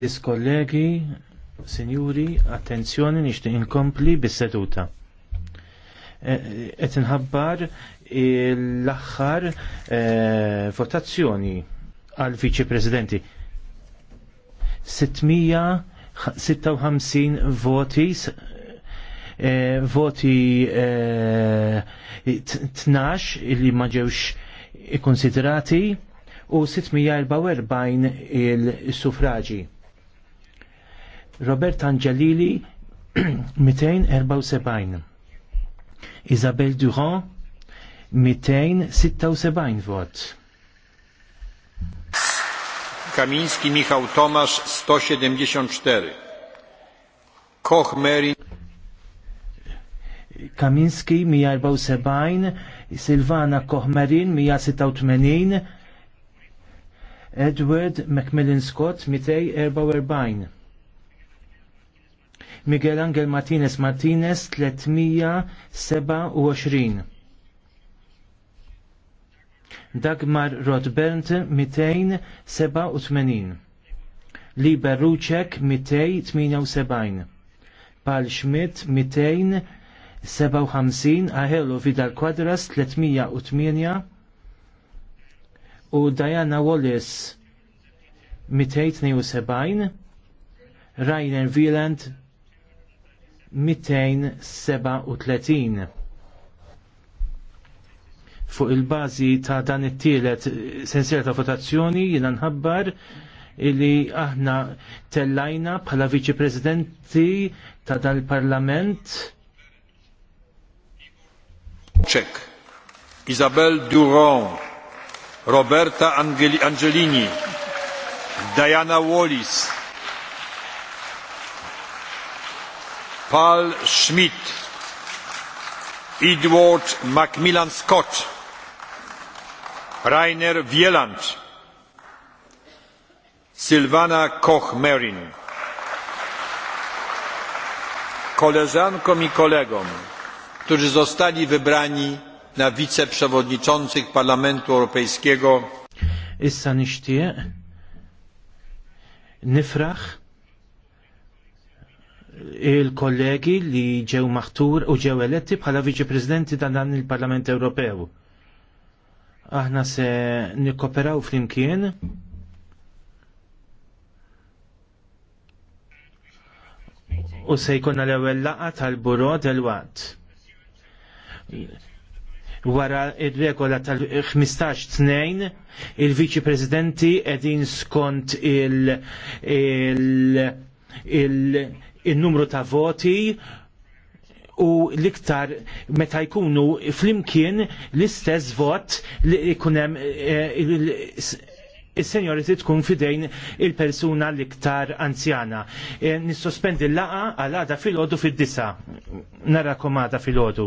Diskollegi, kollegi sinjuri, attenzjoni nixtieq inkompli bis-seduta. Qed inħabbar l-aħħar e, votazzjoni għal viċi presidenti. 656 voti e, voti 12 e, illi ma ġewx ikkonsiderati u 644 il-suffraġi. Robert Angelili 274 Isabel Durand 276 vot Kamiński Michał Tomasz 174 Koch Merin Kaminski 174, Silvana Koch Kohmerin 186, Edward Macmillan Scott 244. Miguel Angel Martinez Martinez 327 Dagmar Rodbernt 287 Liber Ruċek 278 Paul Schmidt 257 Ahello Vidal Quadras 308 u Diana Wallace 272 Rainer Wieland 237 fuq il-bazi ta' dan it-tielet sensiera ta' votazzjoni jiena nħabbar illi aħna tellajna bħala viċi presidenti ta' dal-parlament Czech, Isabel Duron, Roberta Angelini, Diana Wallis, Paul Schmidt, Edward Macmillan Scott, Rainer Wieland, Silvana Koch-Merin. Koleżankom i kolegom, którzy zostali wybrani na wiceprzewodniczących Parlamentu Europejskiego. Issa nixtieq nifraħ il-kollegi li ġew maħtur u ġew eletti bħala viċi prezidenti ta' dan il-Parlament Ewropew. Aħna se nikkoperaw flimkien u se jkunna l-ewwel laqgħa tal-buro delwaqt. Wara il regola tal-15 tnejn il-Viċi Presidenti qegħdin skont il-, il, il il-numru ta' voti u liktar meta jkunu flimkien l-istess vot li jkunem eh, il-senjoriti tkun fidejn il-persuna l-iktar anzjana. Eh, Nissospendi l-laqa għal-għada fil-ħodu fil-disa. narra għada fil-ħodu.